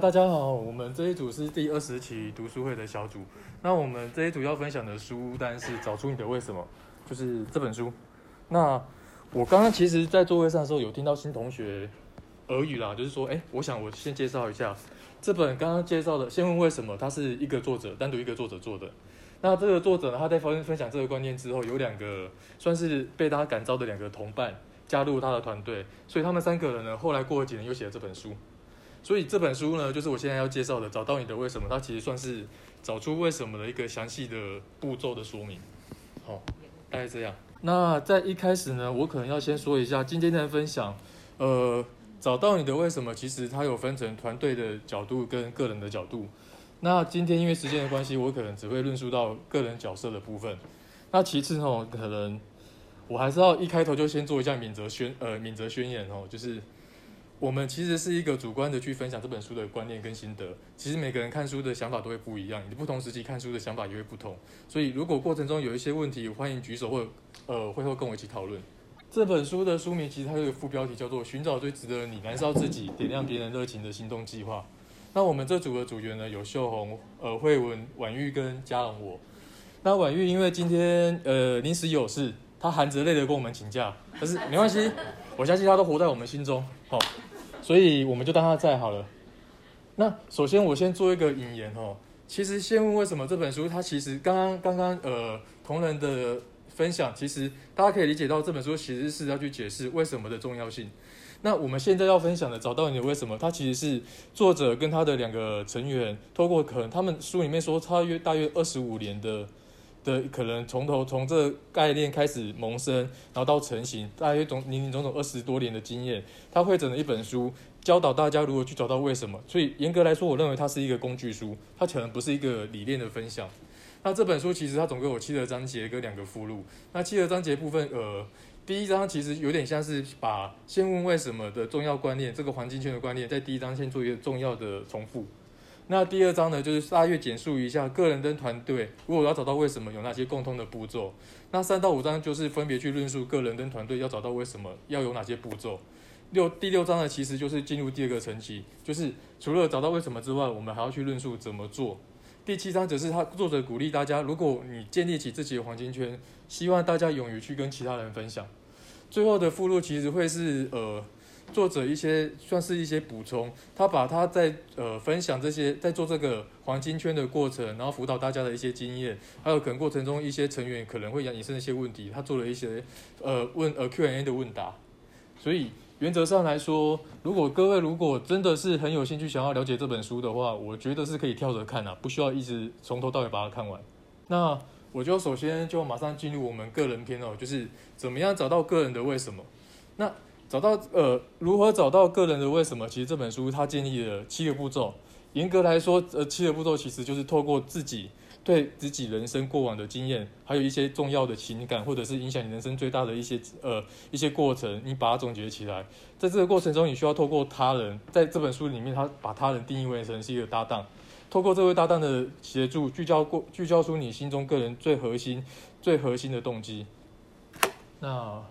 大家好，我們這一組是第二十期讀書會的小組。那我們這一組要分享的書單是《找出你的為什麼》，就是這本書。那我剛剛其實，在座位上的時候，有聽到新同學耳語啦，就是說，誒，我想我先介紹一下這本剛剛介紹的《先問為什麼》，它是一個作者單獨一個作者做的。那這個作者呢，他在發現分享這個觀念之後，有兩個算是被他感召的兩個同伴加入他的團隊，所以他們三個人呢，後來過了幾年又寫了這本書。所以這本書呢，就是我現在要介紹的《找到你的為什麼》，它其實算是找出為什麼的一個詳細的步驟的說明。好，大概這樣。那在一開始呢，我可能要先說一下今天在分享，呃，找到你的為什麼，其實它有分成團隊的角度跟個人的角度。那今天因為時間的關係，我可能只會論述到個人角色的部分。那其次呢，可能我還是要一開頭就先做一下免責宣，呃，免責宣言吼、哦，就是。我們其實是一個主觀的去分享這本書的觀念跟心得。其實每個人看書的想法都會不一樣，你不同時期看書的想法也會不同。所以如果過程中有一些問題，歡迎舉手或呃會後跟我一起討論。這本書的書名其實它有一個副標題叫做《尋找最值得你燃燒自己、點亮別人熱情的行動計劃》。那我們這組的主角呢，有秀紅、呃慧文、婉玉跟嘉龍、我。那婉玉因為今天呃臨時有事，她含着淚的跟我們請假，可是沒關係，我相信她都活在我們心中。好、哦。所以我們就當他在好了。那首先我先做一個引言哦。其實先問為什麼這本書，它其實剛剛剛剛呃同仁的分享，其實大家可以理解到這本書其實是要去解釋為什麼的重要性。那我們現在要分享的找到你的為什麼，它其實是作者跟他的兩個成員透過可能他們書裡面說，差約大約二十五年的。的可能從頭從這概念開始萌生，然後到成型，大約總零零總總二十多年的經驗，他彙整了一本書，教導大家如何去找到為什麼。所以嚴格來說，我認為它是一個工具書，它可能不是一個理念的分享。那這本書其實它總共有七個章節跟兩個附錄。那七個章節部分，呃，第一章其實有點像是把先問為什麼的重要觀念，這個黃金圈的觀念，在第一章先做一個重要的重複。那第二章呢，就是大約簡述一下個人跟團隊，如果要找到為什麼，有哪些共通的步驟。那三到五章就是分別去論述個人跟團隊要找到為什麼，要有哪些步驟。六、第六章呢，其實就是進入第二個層級，就是除了找到為什麼之外，我們還要去論述怎麼做。第七章則是他作者鼓勵大家，如果你建立起自己的黃金圈，希望大家勇於去跟其他人分享。最後的附錄其實會是呃。作者一些算是一些補充，他把他在呃分享這些在做這個黃金圈的過程，然後輔導大家的一些經驗，還有可能過程中一些成員可能會引申一些問題，他做了一些呃問呃 Q&A 的問答。所以原則上來說，如果各位如果真的是很有興趣想要了解這本書的話，我覺得是可以跳着看啊，不需要一直從頭到尾把它看完。那我就首先就馬上進入我們個人篇哦，就是怎麼樣找到個人的為什麼？那。找到呃，如何找到個人的為什麼？其實這本書它建立了七個步驟。嚴格來說，呃，七個步驟其實就是透過自己對自己人生過往的經驗，還有一些重要的情感，或者是影響你人生最大的一些呃一些過程，你把它總結起來。在這個過程中，你需要透過他人，在這本書裡面，他把他人定義為人是一個搭檔，透過這位搭檔的協助，聚焦過聚焦出你心中個人最核心最核心的動機。那。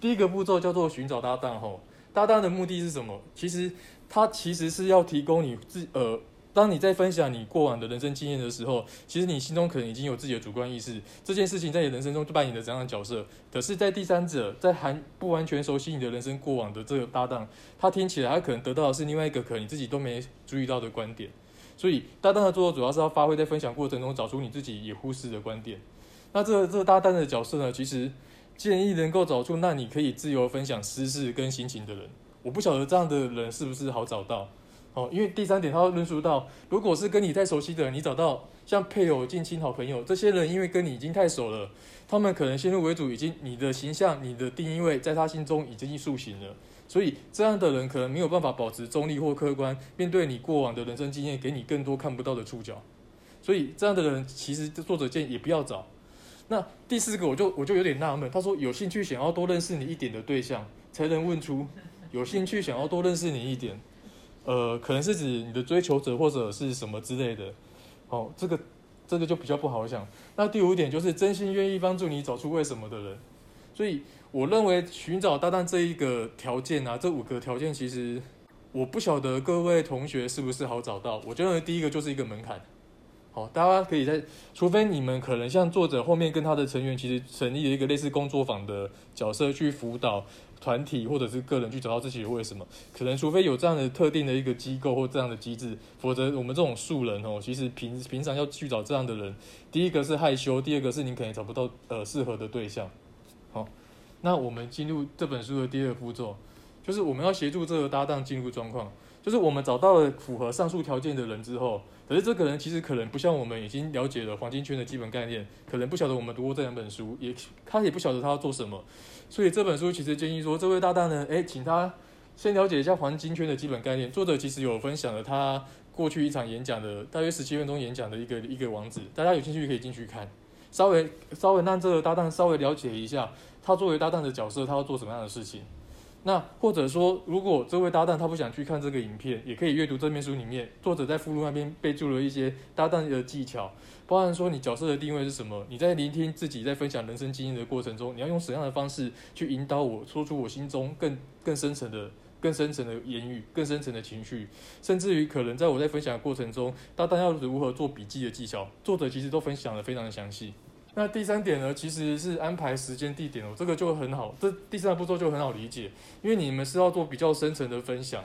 第一個步驟叫做尋找搭檔哈，搭檔的目的是什麼？其實它，其實是要提供你自呃，當你在分享你過往的人生經驗的時候，其實你心中可能已經有自己的主觀意識，這件事情在你人生中扮演的怎樣的角色？可是，在第三者在還不完全熟悉你的人生過往的這個搭檔，他聽起來他可能得到的是另外一個可能你自己都沒注意到的觀點。所以搭檔的作用主要是要發揮在分享過程中找出你自己也忽視的觀點。那這個、這個搭檔的角色呢，其實。建議能夠找出那你可以自由分享私事跟心情的人，我不曉得這樣的人是不是好找到。哦，因為第三點，他會論述到，如果是跟你太熟悉的人，你找到像配偶、近親、好朋友這些人，因為跟你已經太熟了，他們可能先入為主，已經你的形象、你的定位，在他心中已經塑形了，所以這樣的人可能沒有辦法保持中立或客觀，面對你過往的人生經驗，給你更多看不到的觸角。所以這樣的人，其實作者建議也不要找。那第四個我就我就有點納悶，他說有興趣想要多認識你一點的對象，才能問出有興趣想要多認識你一點，呃，可能是指你的追求者或者是什麼之類的。好、哦，這個這個就比較不好想。那第五點就是真心願意幫助你找出為什麼的人。所以我認為尋找搭檔這一個條件啊，這五個條件其實我不曉得各位同學是不是好找到。我認為第一個就是一個門檻。好，大家可以在，除非你們可能像作者後面跟他的成員，其實成立了一個類似工作坊的角色，去輔導團體或者是個人去找到自己的為什麼，可能除非有這樣的特定的一個機構或這樣的機制，否則我們這種素人哦，其實平平常要去找這樣的人，第一個是害羞，第二個是你可能找不到呃適合的對象。好，那我們進入這本書的第二步驟，就是我們要協助這個搭檔進入狀況。就是我們找到了符合上述條件的人之後，可是這個人其實可能不像我們已經了解了黃金圈，的基本概念，可能不曉得我們讀過這兩本書，也他也不曉得他要做什麼。所以這本書其實建議說，這位搭檔呢，誒，請他先了解一下黃金圈的基本概念。作者其實有分享了他過去一場演講的，大約十七分鐘演講的一個一個網址，大家有興趣可以進去看，稍微稍微讓這個搭檔稍微了解一下，他作為搭檔的角色，他要做什麼樣的事情。那或者說，如果這位搭檔他不想去看這個影片，也可以閱讀這本書裡面，作者在附錄那邊備注了一些搭檔的技巧，包含說你角色的定位是什麼，你在聆聽自己在分享人生經驗的過程中，你要用什麼樣的方式去引導我說出我心中更更深層的，更深層的言語、更深層的情緒，甚至於可能在我在分享的過程中，搭檔要如何做筆記的技巧，作者其實都分享得非常的詳細。那第三點呢，其實是安排時間地點哦，這個就很好，這第三步驟就很好理解，因為你們是要做比較深層的分享，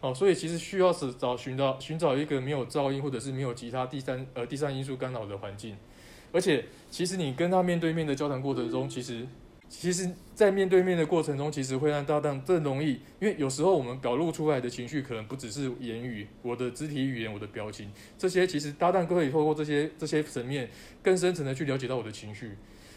哦，所以其實需要是找尋找尋找一個沒有噪音或者是沒有其他第三呃第三因素干擾的環境，而且其實你跟他面對面的交談過程中，其實。其實，在面對面的過程中，其實會讓搭檔更容易，因為有時候我們表露出來的情緒可能不只是言語，我的肢體語言、我的表情，這些其實搭檔都可以透過這些這些層面，更深層的去了解到我的情緒。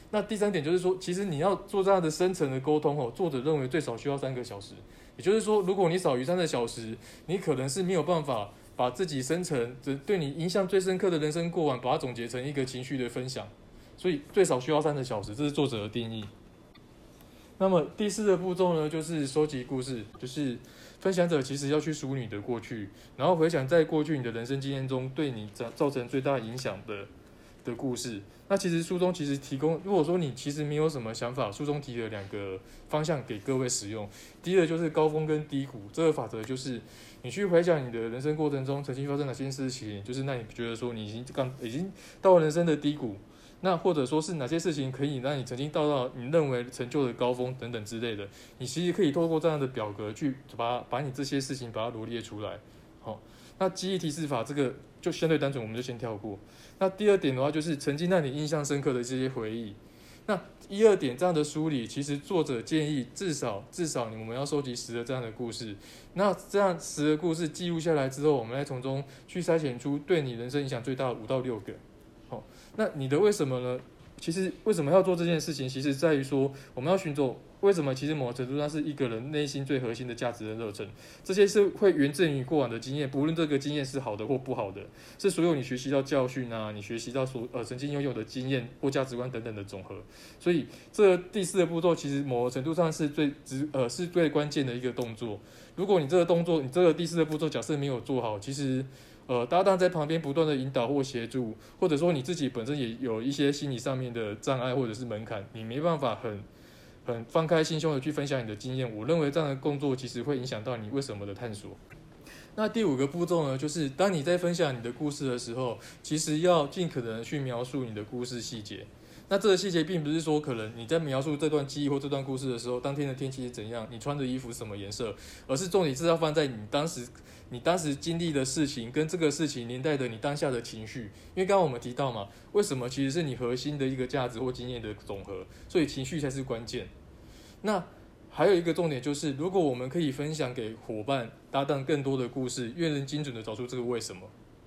那第三點就是說，其實你要做這樣的深層的溝通，作者認為最少需要三個小時。也就是說，如果你少於三個小時，你可能是沒有辦法把自己深層對你印象最深刻的人生過往，把它總結成一個情緒的分享。所以最少需要三個小時，這是作者的定義。那麼第四個步驟呢，就是收集故事，就是分享者其實要去梳理你的過去，然後回想在過去你的人生經驗中對你造造成最大影響的的故事。那其實書中其實提供，如果說你其實沒有什麼想法，書中提了兩個方向給各位使用。第一個就是高峰跟低谷，這個法則就是你去回想你的人生過程中曾經發生了哪些事情，就是那你覺得說你已經剛已經到了人生的低谷。那或者說是哪些事情可以讓你曾經到到你認為成就的高峰等等之類的，你其實可以透過這樣的表格去把把你這些事情把它羅列出來。好，那記憶提示法這個就相對單純，我們就先跳過。那第二點的話就是曾經讓你印象深刻的這些回憶。那一二點這樣的梳理，其實作者建議至少至少你我們要收集十個這樣的故事。那這樣十個故事記錄下來之後，我們再從中去篩選出對你人生影響最大的五到六個。那你的為什麼呢？其實為什麼要做這件事情，其實在於說，我們要尋找為什麼。其實某個程度上是一個人內心最核心的價值的熱忱，這些是會源自於過往的經驗，不論這個經驗是好的或不好的，是所有你學習到教訓啊，你學習到所呃曾經擁有的經驗或價值觀等等的總和。所以這第四個步驟其實某個程度上是最值呃是最關鍵的一個動作。如果你這個動作你這個第四個步驟假設沒有做好，其實。呃，搭檔在旁邊不斷的引導或協助，或者說你自己本身也有一些心理上面的障礙或者是門檻，你沒辦法很很放開心胸的去分享你的經驗。我認為這樣的工作其實會影響到你為什麼的探索。那第五個步驟呢，就是當你在分享你的故事的時候，其實要盡可能去描述你的故事細節。那這個細節並不是說可能你在描述這段記憶或這段故事的時候，當天的天氣是怎樣，你穿的衣服什麼顏色，而是重點是要放在你當時。你當時經歷的事情跟這個事情連帶的你當下的情緒，因為剛剛我們提到嘛，為什麼其實是你核心的一個價值或經驗的總和，所以情緒才是關鍵。那還有一個重點就是，如果我們可以分享給夥伴搭檔更多的故事，越能精準的找出這個為什麼。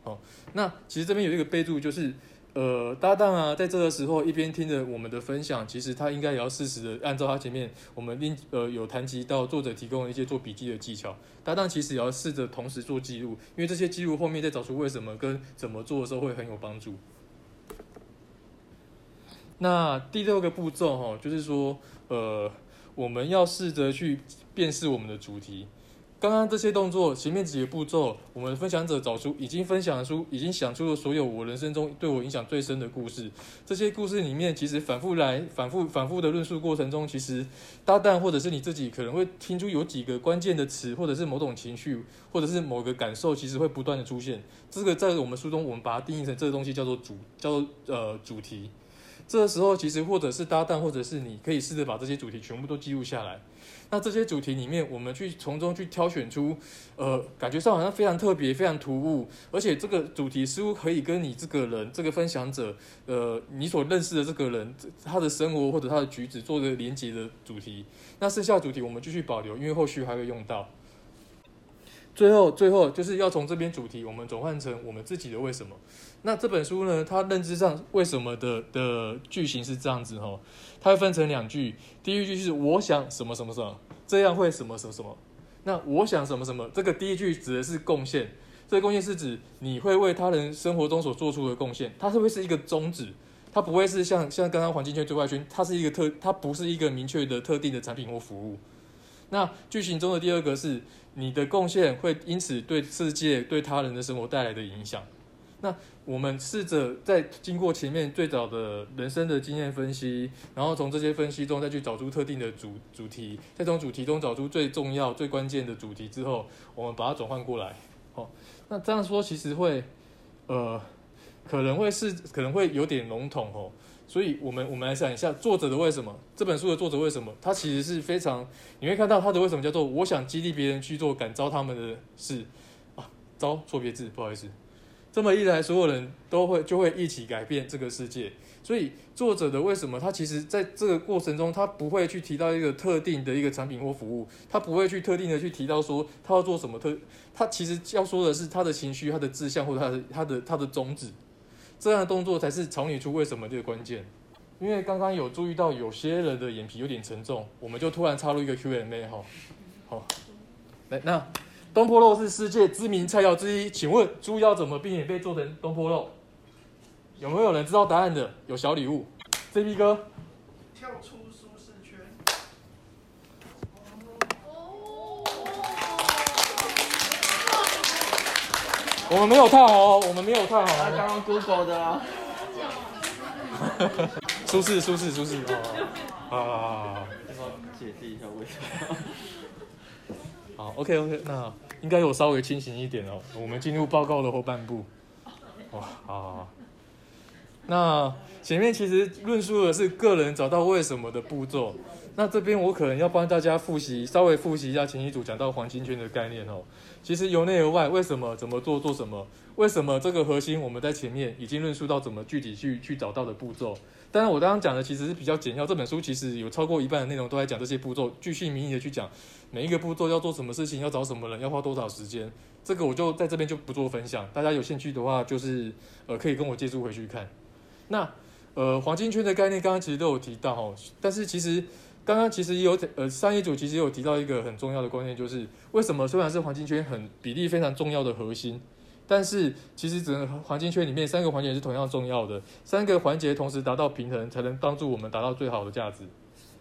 好，那其實這邊有一個備註就是。呃，搭檔啊，在這個時候一邊聽着我們的分享，其實他應該也要適時的按照他前面我們另呃有談及到作者提供的一些做筆記的技巧，搭檔其實也要試着同時做記錄，因為這些記錄後面再找出為什麼跟怎麼做的時候會很有幫助。那第六個步驟哈，就是說呃，我們要試着去辨識我們的主題。剛剛這些動作，前面幾個步驟，我們分享者，找出已經分享出，已經想出了所有我人生中對我影響最深的故事。這些故事裡面，其實反復來反復反復的論述過程中，其實搭檔或者是你自己可能會聽出有幾個關鍵的詞，或者是某種情緒，或者是某個感受，其實會不斷的出現。這個在我們書中，我們把它定義成這個東西叫做主，叫做呃主題。這個時候，其實或者是搭檔，或者是你可以試着把這些主題全部都記錄下來。那這些主題裡面，我們去從中去挑選出，呃，感覺上好像非常特別、非常突兀，而且這個主題似乎可以跟你這個人、這個分享者，呃，你所認識的這個人，他的生活或者他的舉止做的連接的主題。那剩下主題我們繼續保留，因為後續還會用到。最後，最後就是要從這邊主題，我們轉換成我們自己的為什麼。那這本書呢？它認知上為什麼的的句型是這樣子哈？它會分成兩句。第一句是我想什麼什麼什麼，這樣會什麼什麼什麼。那我想什麼什麼，這個第一句指的是貢獻。這個貢獻是指你會為他人生活中所做出的貢獻。它是不是一個宗旨？它不會是像像剛剛黃金圈、對外圈，它是一個特，它不是一個明確的特定的產品或服務。那句型中的第二個是你的貢獻會因此對世界、對他人的生活帶來的影響。那我們試着在經過前面最早的人生的經驗分析，然後從這些分析中再去找出特定的主主題，再從主題中找出最重要、最關鍵的主題之後，我們把它轉換過來。哦，那這樣說其實會，呃，可能會是可能會有點籠統哦。所以，我們我們來想一下作者的為什麼這本書的作者為什麼他其實是非常，你會看到他的為什麼叫做我想激勵別人去做敢招他們的事啊，招錯別字，不好意思。這麼一來，所有人都會就會一起改變這個世界。所以作者的為什麼他其實在這個過程中，他不會去提到一個特定的一個產品或服務，他不會去特定的去提到說他要做什麼特，他其實要說的是他的情緒、他的志向或者他的他的他的宗旨。這樣的動作才是從裡出為什麼這個關鍵。因為剛剛有注意到有些人的眼皮有點沉重，我們就突然插入一個 Q A 嘛、哦，好、哦，來那。東坡肉是世界知名菜餚之一，請問豬要怎麼避免被做成東坡肉？有沒有人知道答案的？有小禮物，CP 哥。這一歌跳出舒適圈、哦哦我。我們沒有套好，我們沒有套好。剛剛 Google 的。哈舒適，舒適，舒適。啊，好好解釋一下為什麼？好，OK，OK，那好。應該有稍微清醒一點哦。我們進入報告的後半部。哦，好，好，好。那前面其實論述的是個人找到為什麼的步驟。那這邊我可能要幫大家復習，稍微復習一下前一組講到黃金圈的概念哦。其實由內而外，為什麼？怎麼做？做什麼？為什麼這個核心，我們在前面已經論述到怎麼具體去去找到的步驟。當然我剛剛講的其實是比較簡要。這本書其實有超過一半的內容都在講這些步驟，具體明確的去講每一個步驟要做什麼事情，要找什麼人，要花多少時間。這個我就在這邊就不做分享。大家有興趣的話，就是呃可以跟我借書回去看。那呃黃金圈的概念剛剛其實都有提到，哦、但是其實剛剛其實也有呃上一組其實有提到一個很重要的觀念，就是為什麼雖然是黃金圈很比例非常重要的核心。但是，其實整個黃金圈裡面三個環節是同樣重要的，三個環節同時達到平衡，才能幫助我們達到最好的價值。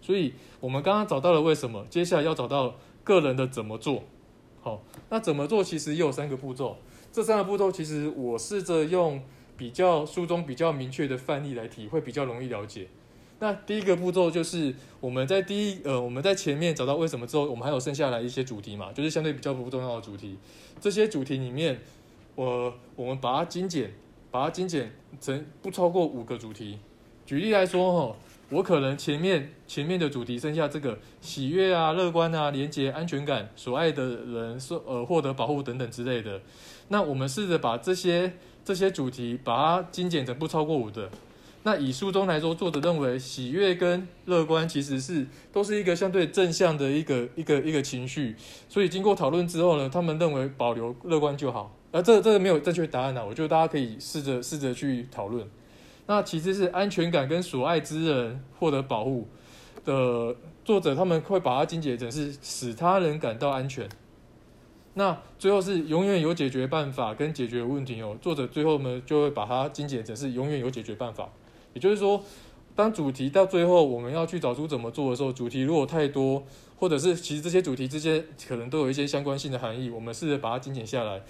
所以，我們剛剛找到了為什麼，接下來要找到個人的怎麼做。好，那怎麼做其實也有三個步驟。這三個步驟其實我試着用比較書中比較明確的範例來提，會比較容易了解。那第一個步驟就是我們在第一呃我們在前面找到為什麼之後，我們還有剩下來一些主題嘛，就是相對比較不重要的主題。這些主題裡面。我我們把它精簡，把它精簡成不超過五個主題。舉例來說，哈，我可能前面前面的主題剩下這個喜悅啊、樂觀啊、連結、安全感、所愛的人所呃獲得保護等等之類的。那我們試着把這些這些主題把它精簡成不超過五個。那以書中來說，作者認為喜悅跟樂觀其實是都是一個相對正向的一個一個一個情緒。所以經過討論之後呢，他們認為保留樂觀就好。而、啊、這個、這個沒有正確答案呢、啊，我覺得大家可以試着試着去討論。那其實是安全感跟所愛之人獲得保護的作者，他們會把它精簡成是使他人感到安全。那最後是永遠有解決辦法跟解決問題哦。作者最後呢，就會把它精簡成是永遠有解決辦法。也就是說，當主題到最後我們要去找出怎麼做的時候，主題如果太多，或者是其實這些主題之間可能都有一些相關性的含義，我們試着把它精簡下來。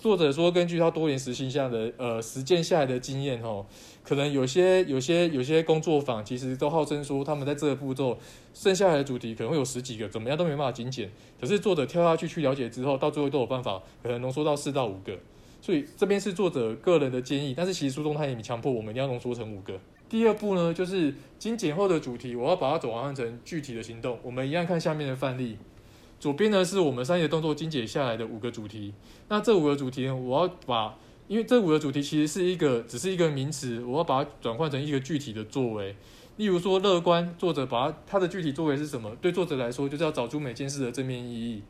作者說，根據他多年實行下的，呃，實踐下來的經驗，吼，可能有些、有些、有些工作坊其實都號稱說他們在這個步驟剩下來的主題可能會有十幾個，怎麼樣都沒辦法精簡。可是作者跳下去去了解之後，到最後都有辦法，可能濃縮到四到五個。所以這邊是作者個人的建議，但是其實書中他也沒強迫我們一定要濃縮成五個。第二步呢，就是精簡後的主題，我要把它轉化成具體的行動。我們一樣看下面的範例。左邊呢，是我們三個動作精簡下來的五個主題。那這五個主題呢，我要把，因為這五個主題其實是一個，只是一個名詞，我要把它轉換成一個具體的作為。例如說，樂觀，作者把它它的具體作為是什麼？對作者來說，就是要找出每件事的正面意義。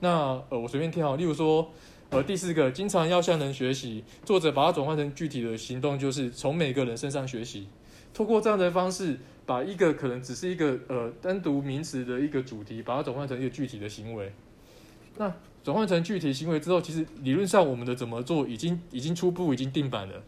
那呃，我隨便挑好，例如說，呃，第四個，經常要向人學習，作者把它轉換成具體的行動，就是從每個人身上學習。透過這樣的方式，把一個可能只是一個呃單獨名詞的一個主題，把它轉換成一個具體的行為。那轉換成具體行為之後，其實理論上我們的怎麼做已經已經初步已經定版了。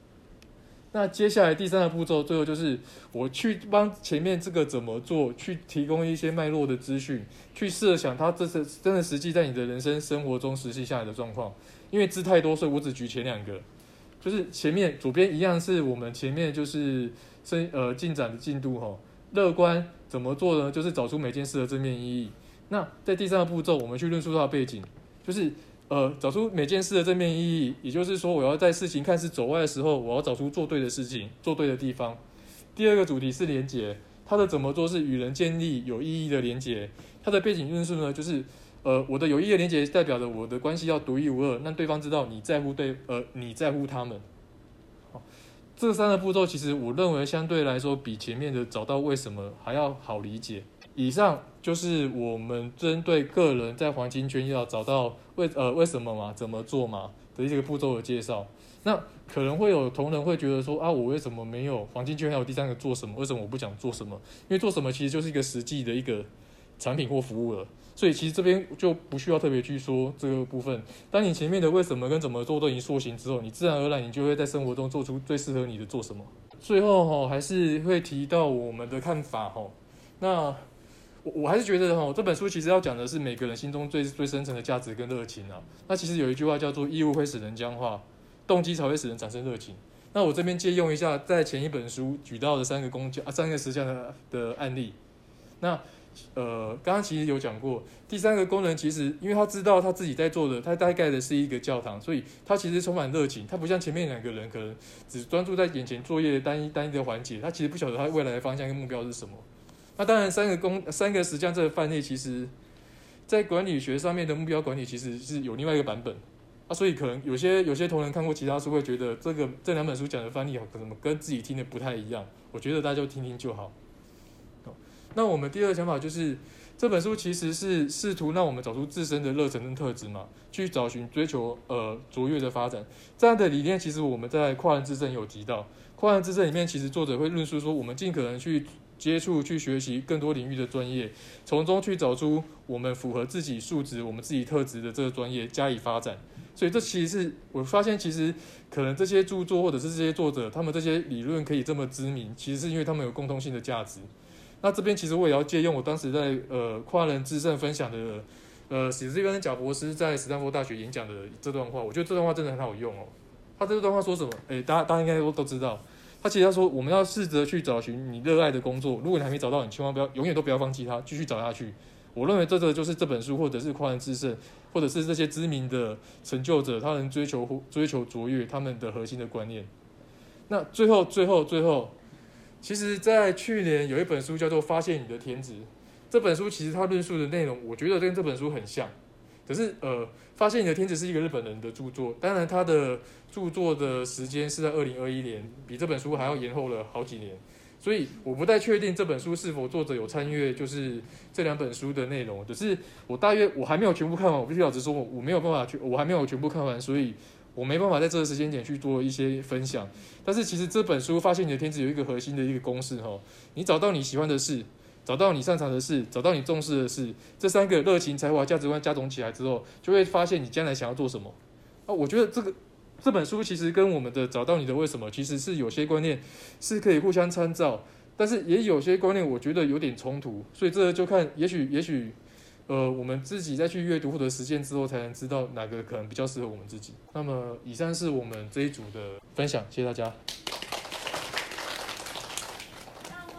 那接下來第三個步驟，最後就是我去幫前面這個怎麼做，去提供一些脈絡的資訊，去設想它，這是真的實際在你的人生生活中實現下來的狀況。因為字太多，所以我只舉前兩個，就是前面左邊一樣是我們前面就是進呃進展的進度哈，樂觀怎麼做呢？就是找出每件事的正面意義。那在第三個步驟，我們去論述它的背景，就是呃找出每件事的正面意義，也就是說，我要在事情看似走歪的時候，我要找出做對的事情，做對的地方。第二個主題是連接，它的怎麼做是與人建立有意義的連接。它的背景論述呢，就是呃我的有意義的連接代表着我的關係要獨一無二，讓對方知道你在乎對呃你在乎他們。這三個步驟其實，我認為相對來說比前面的找到為什麼還要好理解。以上就是我們針對個人在黃金圈要找到為呃為什麼嘛、怎麼做嘛的一些個步驟的介紹。那可能會有同仁會覺得說啊，我為什麼沒有黃金圈？還有第三個做什麼？為什麼我不想做什麼？因為做什麼其實就是一個實際的一個產品或服務了。所以其實這邊就不需要特別去說這個部分。當你前面的為什麼跟怎麼做都已經塑形之後，你自然而然你就會在生活中做出最適合你的做什麼。最後吼還是會提到我們的看法吼。那我我還是覺得吼這本書其實要講的是每個人心中最最深層的價值跟熱情啊。那其實有一句話叫做義務會使人僵化，動機才會使人產生熱情。那我這邊借用一下在前一本書舉到的三個公家啊，三個實際的的案例。那，呃，剛剛其實有講過，第三個工人。其實，因為他知道他自己在做的，他大概的是一個教堂，所以他其實充滿熱情。他不像前面兩個人可能只專注在眼前作業單一單一的環節，他其實不曉得他未來的方向跟目標是什麼。那當然三，三個工三個實際上這個範例，其實在管理學上面的目標管理，其實是有另外一個版本。啊，所以可能有些有些同仁看過其他書，會覺得這個這兩本書講的範例啊，可能跟自己聽的不太一樣。我覺得大家就聽聽就好。那我們第二個想法就是，這本書其實是試圖讓我們找出自身的熱忱跟特質嘛，去找尋追求呃卓越的發展。這樣的理念，其實我們在跨人之證有提到。跨人之證裡面，其實作者會論述說，我們盡可能去接觸、去學習更多領域的專業，從中去找出我們符合自己素質、我們自己特質的這個專業加以發展。所以，這其實是我發現，其實可能這些著作或者是這些作者，他們這些理論可以這麼知名，其實是因為他們有共通性的價值。那這邊其實我也要借用我當時在呃跨人智勝分享的，呃史蒂芬賈伯斯在斯坦福大學演講的這段話，我覺得這段話真的很好用哦。他這段話說什麼？哎、欸，大家大家應該都都知道。他其實他說我們要試着去找尋你熱愛的工作，如果你還沒找到，你千萬不要永遠都不要放棄它，繼續找下去。我認為這個就是這本書或者是跨人智勝或者是這些知名的成就者，他能追求追求卓越他們的核心的觀念。那最後最後最後。最後其實，在去年有一本書叫做《發現你的天職》，這本書其實它論述的內容，我覺得跟這本書很像。可是，呃，《發現你的天職》是一個日本人的著作，當然他的著作的時間是在二零二一年，比這本書還要延後了好幾年。所以，我不太確定這本書是否作者有參閱，就是這兩本書的內容。只是我大約我還沒有全部看完，我必須老實說，我沒有辦法去……我還沒有全部看完，所以。我沒辦法在這個時間點去做一些分享，但是其實這本書《發現你的天職》有一個核心的一個公式哈，你找到你喜歡的事，找到你擅長的事，找到你重視的事，這三個熱情、才華、價值觀加總起來之後，就會發現你將來想要做什麼。啊，我覺得這個這本書其實跟我們的《找到你的為什麼》其實是有些觀念是可以互相參照，但是也有些觀念我覺得有點衝突，所以這個就看也，也許也許。呃，我們自己再去閱讀或者實踐之後，才能知道哪個可能比較適合我們自己。那麼，以上是我們這一組的分享，謝謝大家。